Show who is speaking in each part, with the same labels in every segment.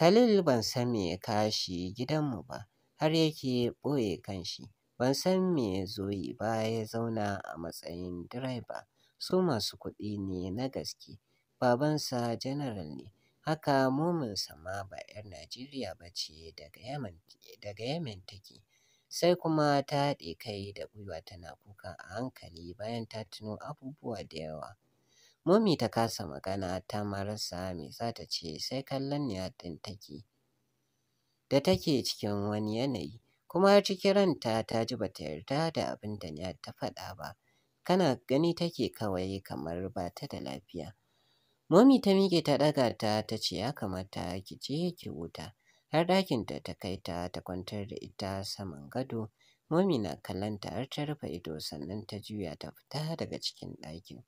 Speaker 1: Khalil ban san me ya gidanmu ba, har yake ɓoye kanshi. Ban san me ya zo yi ba ya zauna a matsayin direba. Su masu kuɗi ne na gaske, babansa janaral ne. Haka mominsa ma ba 'yar Najeriya ba ce daga Yemen take. Sai kuma ta haɗe kai da gwiwa tana kuka a hankali bayan ta tuno abubuwa da yawa Momi ta kasa magana ta marasa mai me za ta ce sai kallon ne ɗin take da take cikin wani yanayi kuma cikin ranta ta ji ba ta yarda da abin da niya ta faɗa ba kana gani take kawai kamar ba ta da lafiya. Momi ta miƙe ta ɗaga ta ta ce ya kamata ki je ki wuta, har ɗakin da ta kai ta ta kwantar da ita saman gado. Momi na kallon ta har ta rufe ido sannan ta juya ta fita daga cikin ɗakin.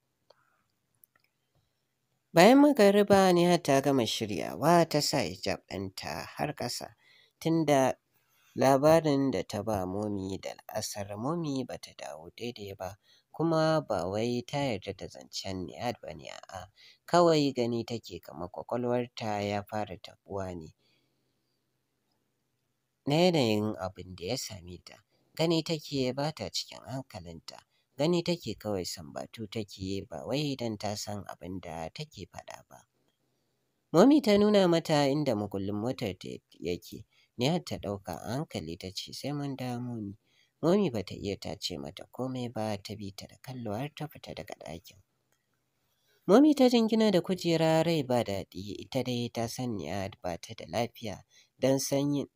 Speaker 1: Bayan magariba Nihat ta gama shiryawa ta sa hijab ɗinta har ƙasa tunda labarin da ta ba momi da la'asar momi ba ta dawo daidai ba kuma ba wai ta yarda da zancen Nihat ba ne a'a kawai gani take kamar kwakwalwarta ya fara taɓuwa ne na yanayin abin da ya same ta gani take ba ta cikin hankalinta gani take kawai sambatu take yi ba wai don ta san abin da take faɗa ba. Momi ta nuna mata inda mugullin motar ta yake, Niyar ta ɗauka a hankali ta ce sai mun da Momi. Momi ba ta iya ta ce mata komai ba ta bi ta da kallo har ta fita daga ɗakin. Momi ta jingina da kujera rai ba daɗi ita dai ta san Niyar ba ta da lafiya don sanyin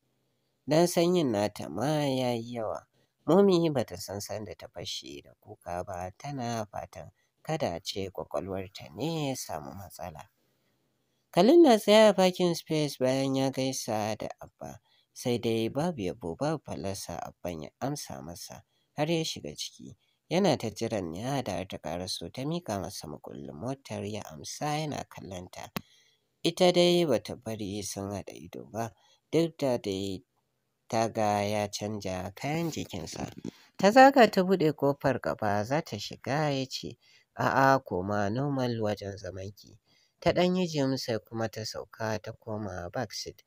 Speaker 1: nata ma ya yi yawa. Mummy ba ta san da ta fashe da kuka ba tana fatan kada a ce ƙwaƙwalwarta ne ya samu matsala. Kalin na tsaya a parking space bayan ya gaisa da Abba sai dai babu yabo babu falasa Abban ya amsa masa har ya shiga ciki. Yana ta jiran ya da ta ƙara so ta mika masa makullin motar ya amsa yana kallonta. Ita dai bata bari sun haɗa ido ba duk da dai Ta ga ya canja kayan jikinsa. Ta zaga ta buɗe ƙofar gaba za ta shiga ya ce, A'a koma normal wajen zamanki. Ta ɗan yi jim sai kuma ta sauka ta koma backseat.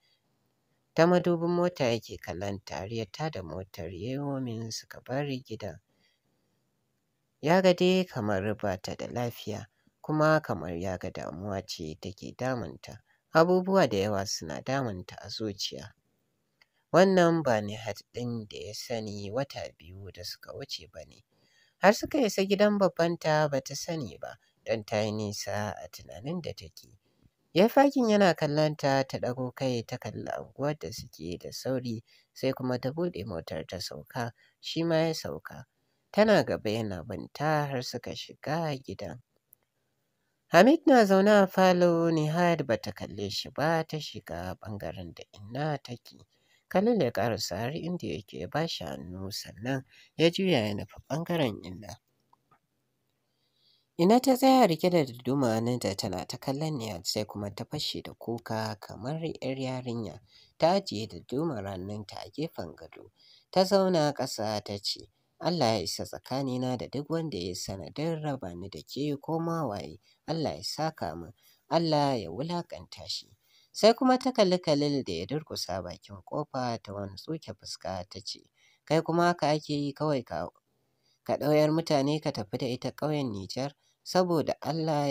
Speaker 1: Ta madubin mota yake kallon tariya ta da motar yewomin suka bari gidan. Ya ga dai kamar ba ta da lafiya kuma kamar ya ga damuwa ce take damunta. Abubuwa da yawa suna damunta a zuciya. Wannan ba Nihat ɗin da ya sani wata biyu da suka wuce ba ne. Har suka isa gidan babbanta ba ta sani ba, don ta yi nisa a tunanin da take. Ya fakin yana kallonta ta ɗago kai ta kalli anguwar da suke da sauri sai kuma ta buɗe motar ta sauka shi ma ya sauka. Tana gaba yana binta har suka shiga gidan. Hamid na zaune a falo Nihad ba ta kalle shi ba ta shiga ɓangaren da inna take. Kalil ya ƙara har inda yake ya bashi hannu sannan ya juya ya nufi ɓangaren inna. Ina ta tsaya rike da duduma nan da tana ta kallon ni sai kuma ta fashe da kuka kamar 'yar yarinya. Ta ajiye da dudumar ta a gefen gado. Ta zauna ƙasa ta ce, Allah ya isa tsakanina da duk wanda ya sanadin raba ni da ke ko ma waye. Allah ya saka min, Allah ya wulaƙanta shi. Sai kuma ta kalli Khalil da ya durkusa bakin ƙofa ta wani tsuke fuska ta ce, Kai kuma haka ake yi kawai ka ɗauyar mutane ka tafi da ita ƙauyen Nijar, saboda Allah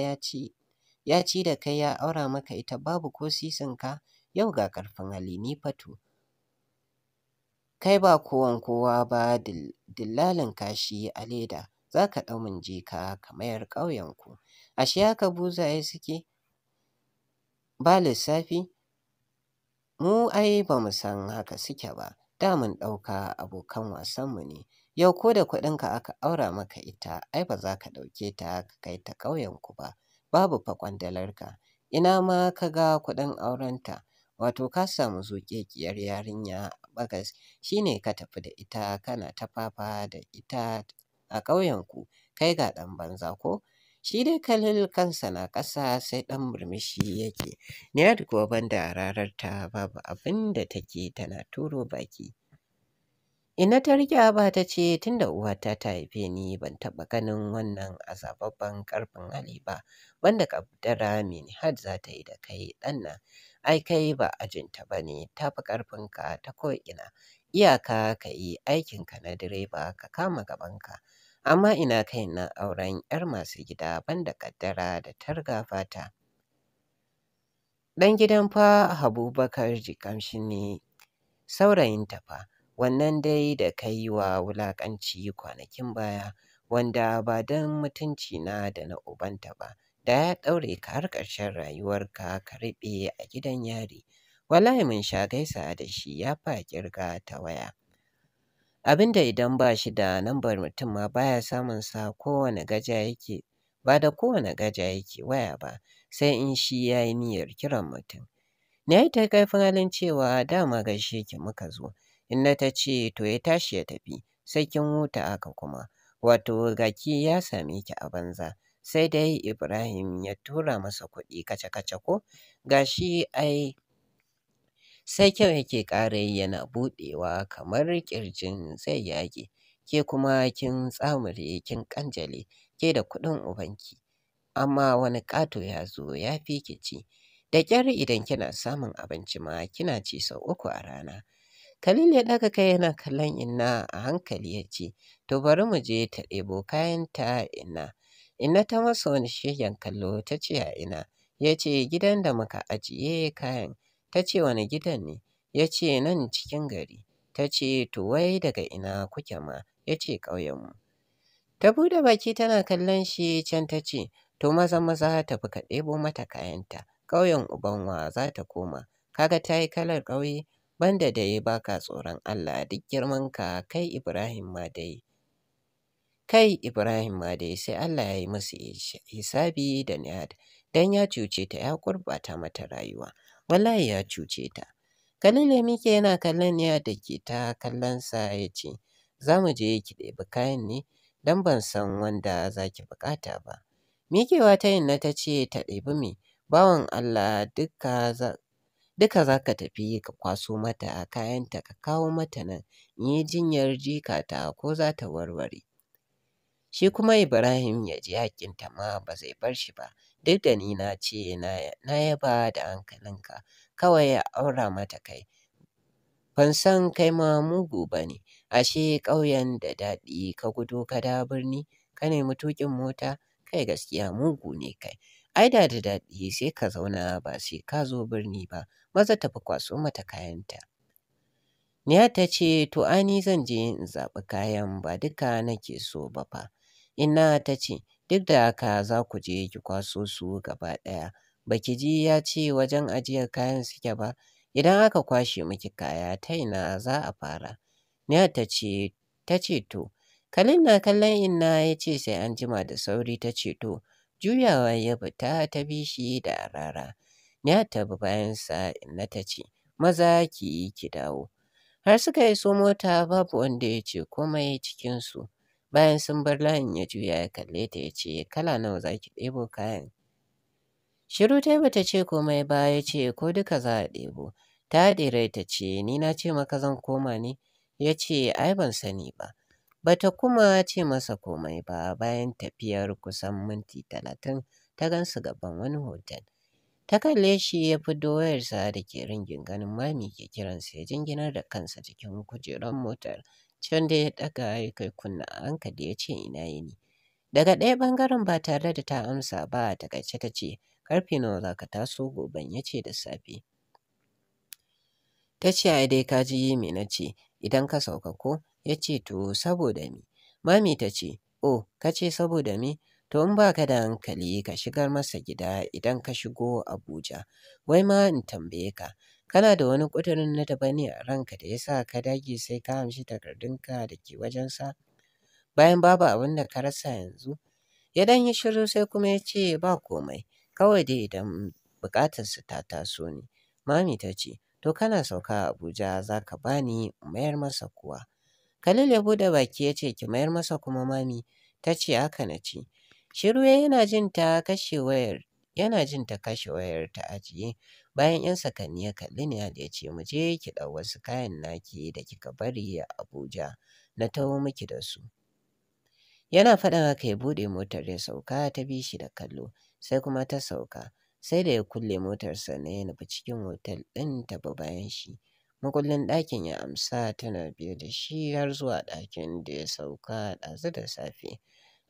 Speaker 1: ya ci da kai ya aura maka ita babu ko sisinka yau ga ƙarfin hali ni fatu. Kai ba kowan kowa ba dillalin kashi a leda, za ka ɗau mun je ka mayar ƙauyenku. Ashe haka buzaye suke, ba lissafi? Mu ai ba mu san haka suke ba, da mun ɗauka abokan wasanmu ne. Yau ko da kuɗinka aka aura maka ita, ai ba za ka ɗauke ta ka kai ta ƙauyenku ba, babu fakwandalarka Ina ma ka ga kuɗin aurenta, wato ka samu zuƙeƙiyar yarinya a Bagas shi ne ka tafi da ita kana ta fafa da ita a ƙauyenku, kai ga ɗan banza ko? Shi dai kalil kansa na ƙasa sai ɗan murmushi yake. Niyad kuwa da rarar ta babu abin da take tana turo baki. Ina ta riƙe ba ta ce tunda uwata ta haife ni ban taɓa ganin wannan azababban ƙarfin hali ba wanda ƙabdara mini har za ta yi da kai ɗanna. Ai kai ba ajinta ba ne ta fi ƙarfinka ta ko'ina iyaka ka yi aikinka na direba ka kama gabanka Amma ina kai na auren 'yar masu gida banda ƙaddara da targa fata. Ɗan gidan fa Habu bakar Jikamshi ne saurayinta fa, wannan dai da ka yi wa wulaƙanci kwanakin baya, wanda ba don na da na ubanta ba, da ya ɗaure ka har ƙarshen rayuwarka ka ruɓe a gidan yari. Wallahi mun sha gaisa da shi ya fa ƙirga ta waya. abinda idan ba shi da lambar mutum ma baya samun sa kowane gaja yake ba da kowane gaja yake waya ba sai in shi ya yi niyyar kiran mutum. Na yi ta kaifin halin cewa dama gaishe ki muka zo, in na ta ce to ya tashi ya tafi sai kin huta aka kuma, wato gaki ya same ki a banza. Sai dai Ibrahim ya tura masa kuɗi kace-kace ko gashi ai sai kyau yake ƙara yana buɗewa kamar ƙirjin zai yage, ke kuma kin tsamure kin ƙanjale ke da kuɗin ubanki, amma wani ƙato ya zo ya fi ki ci, da ƙyar idan kina samun abinci ma kina ci sau uku a rana. Khalil ya ɗaga kai yana kallon Inna a hankali ya ce, To bari mu je ta ɗebo kayanta Inna. Inna ta masa wani shegen kallo ta ce a Ina, ya ce gidan da muka ajiye kayan. Ta ce wani gidan ne? Ya ce nan cikin gari. Ta ce to wai daga ina kuke ma? Ya ce ƙauyenmu. Ta buɗe baki tana kallon shi can ta ce to maza maza ta fi ka ɗebo mata kayanta. Ƙauyen ubanwa za ta koma. Kaga ta yi kalar ƙauye banda da ya baka tsoron Allah duk girmanka kai Ibrahim ma dai. Kai Ibrahim ma dai sai Allah ya yi musu hisabi da niyad Dan ya cuce ta ya kurbata mata rayuwa. wallahi ya cuce ta. Khalil ya miƙe yana kallon ya da ke ta kallonsa ya ce, za mu je ki ɗebi kayan ne don ban san wanda za ki buƙata ba. Mikewa ta yin na ta ce ta ɗebi mi bawan Allah duka za ka tafi ka kwaso mata kayanta ka kawo mata nan in yi jinyar jikata ko za ta warware. Shi kuma Ibrahim ya ji haƙƙinta ma ba zai bar shi ba, Duk da ni na ce na yaba da hankalinka, kawai ya aura mata kai. Ban san kai ma mugu ba ne, ashe ƙauyen da daɗi ka gudu ka da birni, ka nemi tuƙin mota, kai gaskiya mugu ne kai. Ai da da daɗi sai ka zauna ba sai ka zo birni ba, maza tafi kwaso mata kayanta. Niyar ta ce, to ani zan je in zaɓi kayan ba duka nake so ba fa. Inna ta ce, Duk da haka za ku je ki kwaso su gaba ɗaya. Ba ki ji ya ce wajen ajiyar kayan suke ba, idan aka kwashe miki kaya ta ina za a fara. Niyar ta ce, ta ce to, Kalin na kallon inna ya ce sai an jima da sauri ta ce to, juyawa ya fita ta bi shi da rara. Niyar ta bi bayansa inna ta ce, maza ki yi ki dawo. Har suka iso mota babu wanda ya ce komai cikinsu. Bayan sun bar layin ya juya ya kalle ta ya ce, Kala nawa za ki ɗebo kayan? Shiru ta bata ce komai ba ya ce, Ko duka za a ɗebo. Ta rai ta ce, Ni na ce maka zan koma ne? Ya ce, Ai ban sani ba. Bata kuma ce masa komai ba bayan tafiyar kusan minti talatin ta gansu gaban wani hotel. Ta kalle shi ya fi doyarsa da ke ringin ganin mami ke kiransa ya jinginar da kansa cikin kujeran motar. Can da ya ɗaga ya kai kunna a hankali ya ce ina yini. Daga ɗaya bangaren ba tare da ta amsa ba a takaice ta ce karfe nawa za ka taso goben ya ce da safe. Ta ce ai dai ka ji me na ce idan ka sauka ko ya ce to saboda ni Mami ta ce o oh, ka ce saboda me to in ba ka da hankali ka shigar masa gida idan ka shigo Abuja. Wai ma in tambaye ka, kana da wani ƙudurin na daba ne a ranka da ya sa ka dage sai ka amshi takardunka da ke wajensa? Bayan babu abin da ka rasa yanzu, ya dan yi shiru sai kuma ya ce ba komai, kawai dai idan buƙatarsa ta taso ne. Mami ta ce, to kana sauka a Abuja za ka bani mayar masa kuwa. Khalil ya bude baki ya ce ki mayar masa kuma mami ta ce haka na ce Shiru yana jin ta kashe wayar yana jin ta kashe wayar ta ajiye. Bayan 'yan sakanni ya kalli ni ya ce mu je ki ɗau wasu kayan naki da kika bari a Abuja na taho miki da su. Yana faɗin haka ya buɗe motar ya sauka ta bi shi da kallo sai kuma ta sauka sai da ya kulle motar sannan ya nufi cikin hotel ɗin ta bi bayan shi. Makullin ɗakin ya amsa tana biye da shi har zuwa ɗakin da ya sauka ɗazu da safe.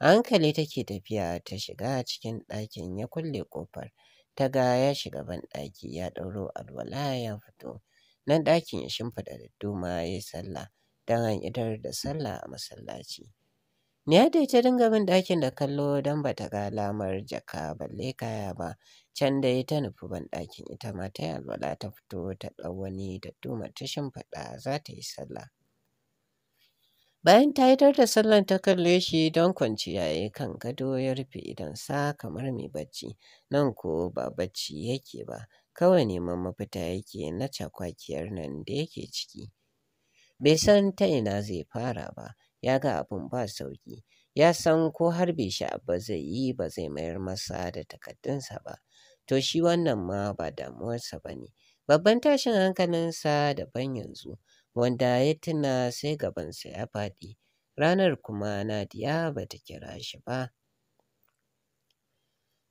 Speaker 1: A hankali take tafiya ta shiga cikin ɗakin ya kulle kofar Ta ga ya shiga banɗaki ya ɗauro alwala ya fito. Nan ɗakin ya shimfiɗa duma ya yi sallah don an idar da sallah a masallaci. Niyadai ta dinga bin ɗakin da kallo don ba ta ga lamar jaka balle kaya ba. Can dai ta nufi banɗakin ita ma ta yi alwala ta fito ta ɗau wani da duma ta shimfiɗa za ta yi sallah. Bayan ta idar da sallan ta kalle shi don kwanciya ya kan gado ya rufe sa kamar mai bacci, nan ko ba bacci yake ba, kawai neman mafita yake na cakwakiyar nan da yake ciki. Bai san ta ina zai fara ba, ya ga abin ba sauki, ya san ko har bai sha ba zai yi ba zai mayar masa da takaddunsa ba, to shi wannan ma ba damuwarsa ba ne, babban tashin hankalinsa daban yanzu. wanda ya tuna sai gabansa ya faɗi. Ranar kuma Nadiya ba ta kira shi ba.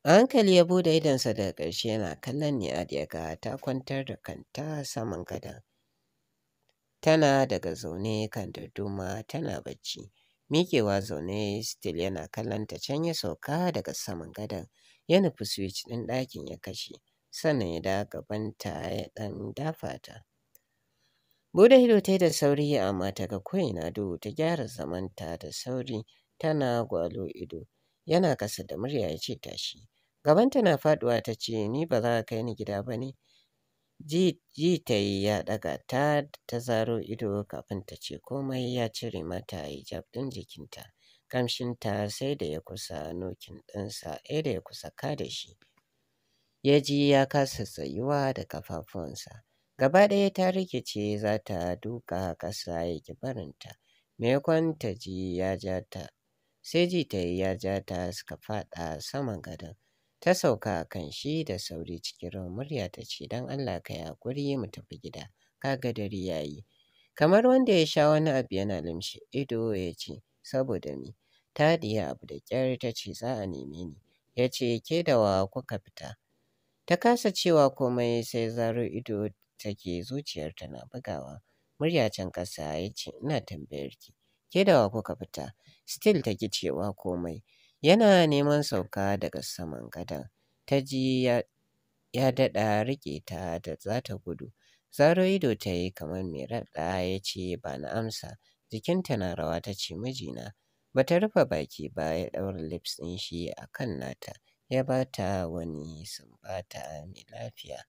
Speaker 1: Ankali hankali ya bude idonsa daga ƙarshe yana kallon Nadiya ga ta kwantar da kanta saman gadon. Tana daga zaune kan darduma tana bacci. Mikewa zaune still yana kallon ta can ya sauka daga saman gadon. Ya nufi switch ɗin ɗakin ya kashe. Sannan ya da gabanta ya ɗan dafa ta. bude ido ta yi da sauri amma ta ga ko'ina duhu ta gyara zamanta da sauri tana gwalo ido. Yana kasa da murya ya ce tashi. Gabanta na faduwa ta ce ni ba za ka kai ni gida ba ne. Ji ta yi ya daga ta ta zaro ido kafin ta ce komai ya cire mata hijab ɗin jikinta. Kamshinta sai da ya kusa nokin ɗinsa ɗaya da ya kusa ka da shi. Ya ji ya kasa tsayuwa da kafafunsa. Gaba ɗaya ta rikice za ta duka ƙasa ya ki barinta. Maimakon ta ji ya ja ta, sai ji ta yi ya ja ta suka faɗa saman gadon. Ta sauka a kan shi da sauri cikin murya ta ce, Don Allah ka yi haƙuri mu tafi gida, kaga dare ya yi. Kamar wanda ya sha wani abu yana limshe ido ya ce, Saboda ni. Ta diya abu da ƙyar ta ce, Za a neme ni. Ya ce, Ke da wa kuka fita? Ta kasa cewa komai sai zaro ido take zuciyarta na bugawa. Murya can ƙasa ya ce, Ina tambayar ki, ke da wa kuka fita? Still ta ki cewa komai. Yana neman sauka daga saman gadon. Ta ji ya, ya daɗa riƙe ta da za ta gudu. Zaro ido ta yi kamar mai raɗa ya ce ba na amsa. Jikinta na rawa ta ce mijina. Ba ta rufe baki ba ya ɗaura lips ɗin shi a kan nata. Ya ba ta wani sumbata mai lafiya.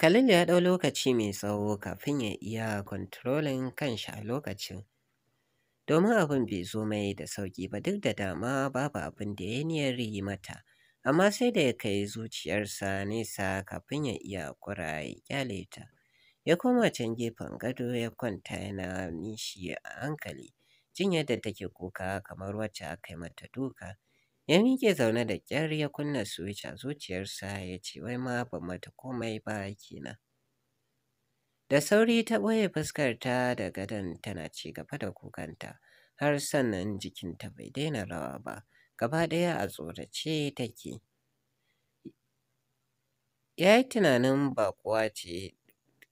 Speaker 1: khalilu ya ɗau lokaci mai tsawo kafin ya iya kontrolin kanshi a lokacin. Domin abin bai zo mai da sauƙi ba duk da dama babu abin da ya niyar yi mata. Amma sai da ya kai zuciyarsa nesa kafin ya iya kura ya kyale ta. Ya koma can gefen gado ya kwanta yana nishi a hankali. Jin yadda take kuka kamar wacce aka yi mata duka. Ya nike zaune da ƙyar ya kunna suwici a zuciyarsa ya ce wai ma ba mata komai ba kenan. Da sauri ta ɓoye fuskarta da gadon tana ci gaba da kukanta har sannan jikinta bai daina rawa ba, gaba ɗaya a tsorace take. Ya yi tunanin baƙuwa ce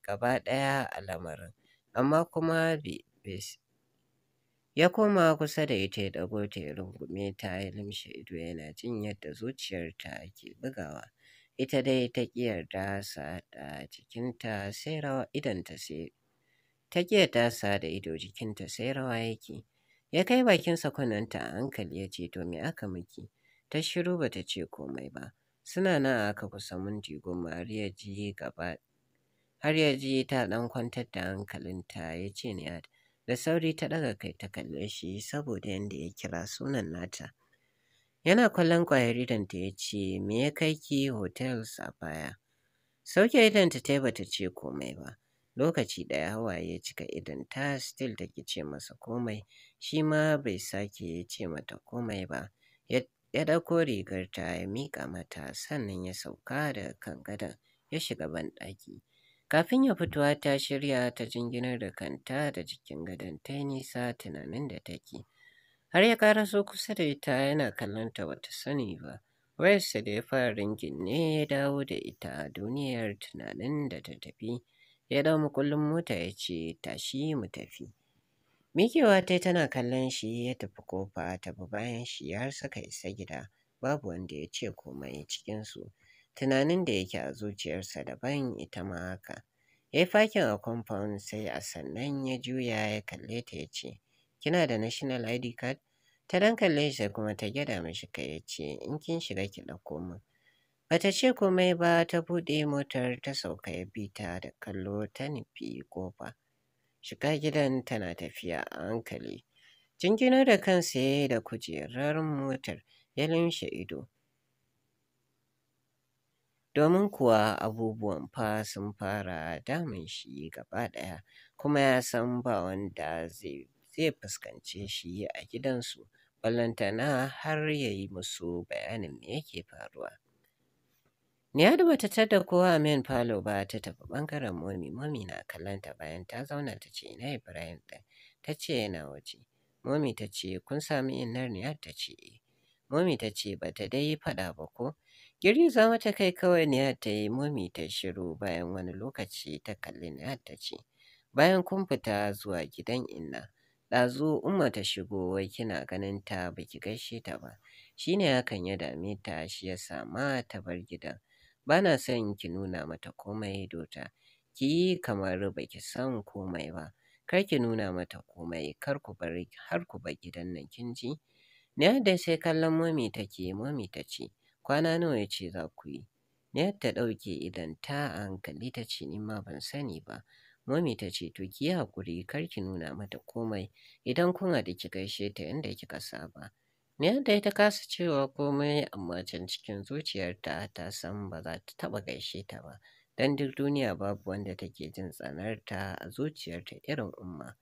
Speaker 1: gaba ɗaya a lamarin, amma kuma bai Ya koma kusa da ita ya ɗago ta ya rungume ta ya limshe ido yana jin yadda zuciyarta ke bugawa. Ita dai ta ƙi yarda sa da jikinta sai rawa idonta sai ta ƙi yarda sa da ido jikinta sai rawa yake. Ya kai bakin kunnenta a hankali ya ce to me aka miki? Ta shiru ta ce komai ba. Suna nan aka kusa minti goma har ya ji gaba har ya ji ta ɗan kwantar da hankalinta ya ce ni Da sauri ta ɗaga kai ta kalle shi saboda yadda ya kira sunan nata. Yana kwallon ƙwayar idanta ya ce, Me ya kai ki hotels a baya? Sauke idanta ta bata ce komai ba. Lokaci ɗaya hawaye ya cika ta still ki ce masa komai, shi ma bai sake ya ce mata komai ba. Ya ɗauko rigar ta ya mika mata sannan ya sauka daga kan gadon ya shiga banɗaki. Kafin ya fitowa ta shirya ta jinginar da kanta da jikin gadon ta yi nisa tunanin da take. Har ya so kusa da ita yana kallon ta wata sani ba. Wayarsa da ya fara ringin ne ya dawo da ita a duniyar tunanin da ta tafi. Ya dawo makullin mota ya ce tashi mu tafi. Mikewa ta tana kallon shi ya tafi kofa ta bayan shi har suka isa gida babu wanda ya ce komai cikinsu. tunanin da yake a zuciyarsa daban ita ma haka ya yi fakin a kwamfan sai a sannan ya juya ya kalle ta ya ce kina da national id card ta dan kalle shi kuma ta gyada mashi ka ya ce in kin shiga ki ɗauko min bata ce komai ba ta buɗe motar ta sauka ya bi ta da kallo ta nufi kofa shiga gidan tana tafiya a hankali jingino da kansa ya yi da kujerar motar ya lumshe ido domin kuwa abubuwan fa sun fara damun shi gaba ɗaya kuma ya san ba wanda zai fuskance shi a gidansu ballantana har ya yi musu bayanin me yake faruwa. Niyadu bata tadda kowa a falo ba ta tafi ɓangaren momi momi na kallanta bayan ta zauna ta ce ina Ibrahim ɗin ta ce yana waje. Momi ta ce kun sami innar Niyad ta ce eh. Momi ta ce bata dai faɗa ba ko za mata kai kawai ne ta yi momi ta shiru bayan wani lokaci ta kalli Nihat ta ce, Bayan kun fita zuwa gidan inna, ɗazu Umma ta shigo wai kina ganin ta baki gaishe ta ba, shi ne hakan ya dame ta shi ya sama ta bar gidan. Ba na son ki nuna mata komai dota, ki yi kamar baki san komai ba, kar ki nuna mata komai kar ku bar har ku bar gidan nan kin ji. Nihat dai sai kallon momi take momi ta ce, kwana nawa ya ce za ku yi? Nayar ta ɗauke idan ta a hankali ta ce ni ma ban sani ba. Mami ta ce to ki yi haƙuri kar ki nuna mata komai idan kun da ki gaishe ta yadda kika saba. Nayar ya ta kasa cewa komai amma can cikin zuciyarta ta san ba za ta taɓa gaishe ta ba. Dan duk duniya babu wanda take jin tsanarta a zuciyarta irin Umma.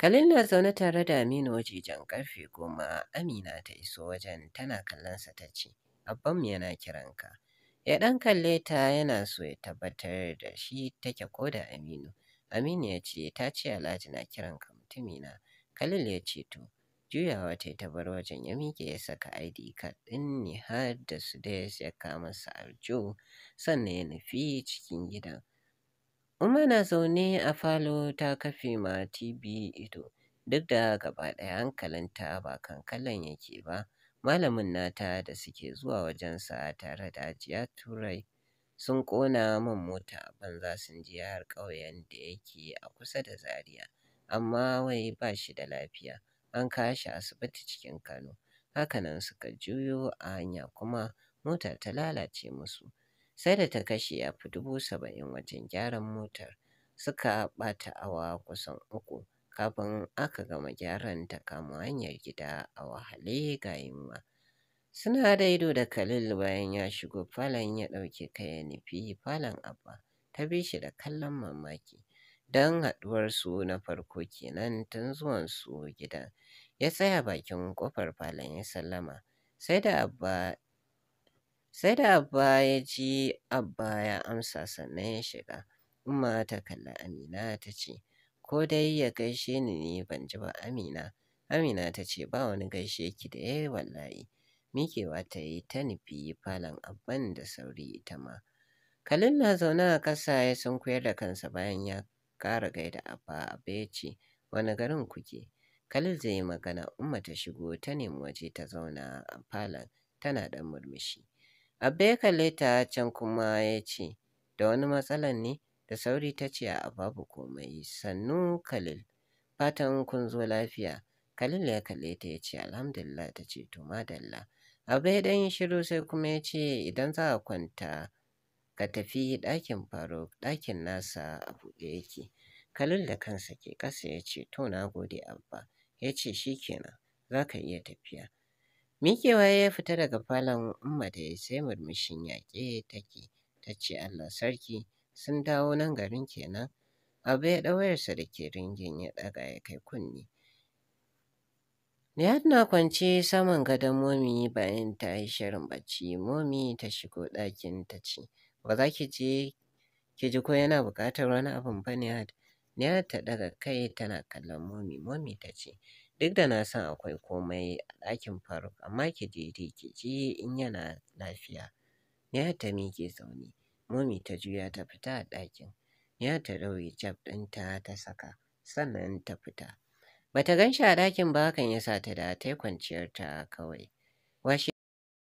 Speaker 1: Khalil na zaune tare da Aminu wajejen ƙarfe goma Amina ta iso wajen tana kallonsa ta ce, Abbanmu yana kiranka. Ya ɗan kalle ta yana so ya tabbatar da shi take ko da Aminu. Aminu ya ce, ta ce Alhaji na kiranka mutumina. Khalil ya ce to, juyawa ta ta bar wajen ya miƙe ya saka ID card ɗin ne har da su da ya kama sa arjo sannan ya nufi cikin gidan. Umma na zaune a falo ta kafe ma TV ido, duk da gaba ɗaya hankalinta ba kan kallon yake ba. Malamin nata da suke zuwa wajensa tare da ajiya turai sun ƙona man mota ban banza sun je har ƙauyen da yake a kusa da Zaria, amma wai ba shi da lafiya. An kashi asibiti cikin Kano. Hakanan suka juyo a hanya kuma mota ta lalace musu. sai da ta kashe ya fi dubu saba'in wajen gyaran motar suka bata awa kusan uku kafin aka gama gyaran ta kama hanyar gida a wahale ga yunwa. Suna da ido da Khalil bayan ya shigo falon ya ɗauke kai nufi falon abba ta bi shi da kallon mamaki don haɗuwarsu na farko kenan tun zuwansu gidan ya tsaya bakin kofar falon ya sallama sai da abba Sai da Abba ya ji Abba ya amsa sannan ya shiga. Umma ta kalli Amina ta ce, Ko dai ya gaishe ni ne ban ji ba Amina. Amina ta ce, Ba wani gaishe ki da ya wallahi. Mikewa ta yi ta nufi falon abban da sauri ita ma. Kalin na zaune a ƙasa ya sunkuyar da kansa bayan ya ƙara gaida Abba Abba ya ce, Wani garin kuke? Khalil zai yi magana Umma ta shigo ta nemi waje ta zauna a falon tana ɗan murmushi. Abba ya kalle ta can kuma ya ce, da wani matsalan ne? Da sauri ta ce a babu komai, sannu Khalil, fatan kun zo lafiya. Khalil ya kalle ta ya ce alhamdulillah ta ce to madalla. Abba ya dan shiru sai kuma ya ce idan za a kwanta ka tafi ɗakin Faruk, ɗakin nasa a buɗe yake. Khalil da kansa ke ƙasa ya ce to na gode Abba, ya ce shi kenan za ka iya tafiya. Mikewa ya fita daga falon Umma ya yi sai murmushin yaƙe take, ta ce Allah sarki sun dawo nan garin kenan. Abu ya ɗawayarsa da ke ringin ya ɗaga ya kai kunne. Niyad na kwance saman gadon momi bayan ta yi shirin bacci. Momi ta shigo ɗakin ta ce, Ba za ki je ki ji ko yana buƙatar wani abin ba ne? Niyad ta ɗaga kai tana kallon momi. Momi ta ce, Duk da na san akwai komai a ɗakin Faruk amma ki je ji in yana lafiya. Nihat ta miƙe zaune. Momi ta juya ta fita a ɗakin. ya ta ɗau jab ɗinta ta saka sannan ta fita. Ba ta gan shi a ɗakin ba hakan ya sa ta da ta yi kwanciyarta kawai. Washe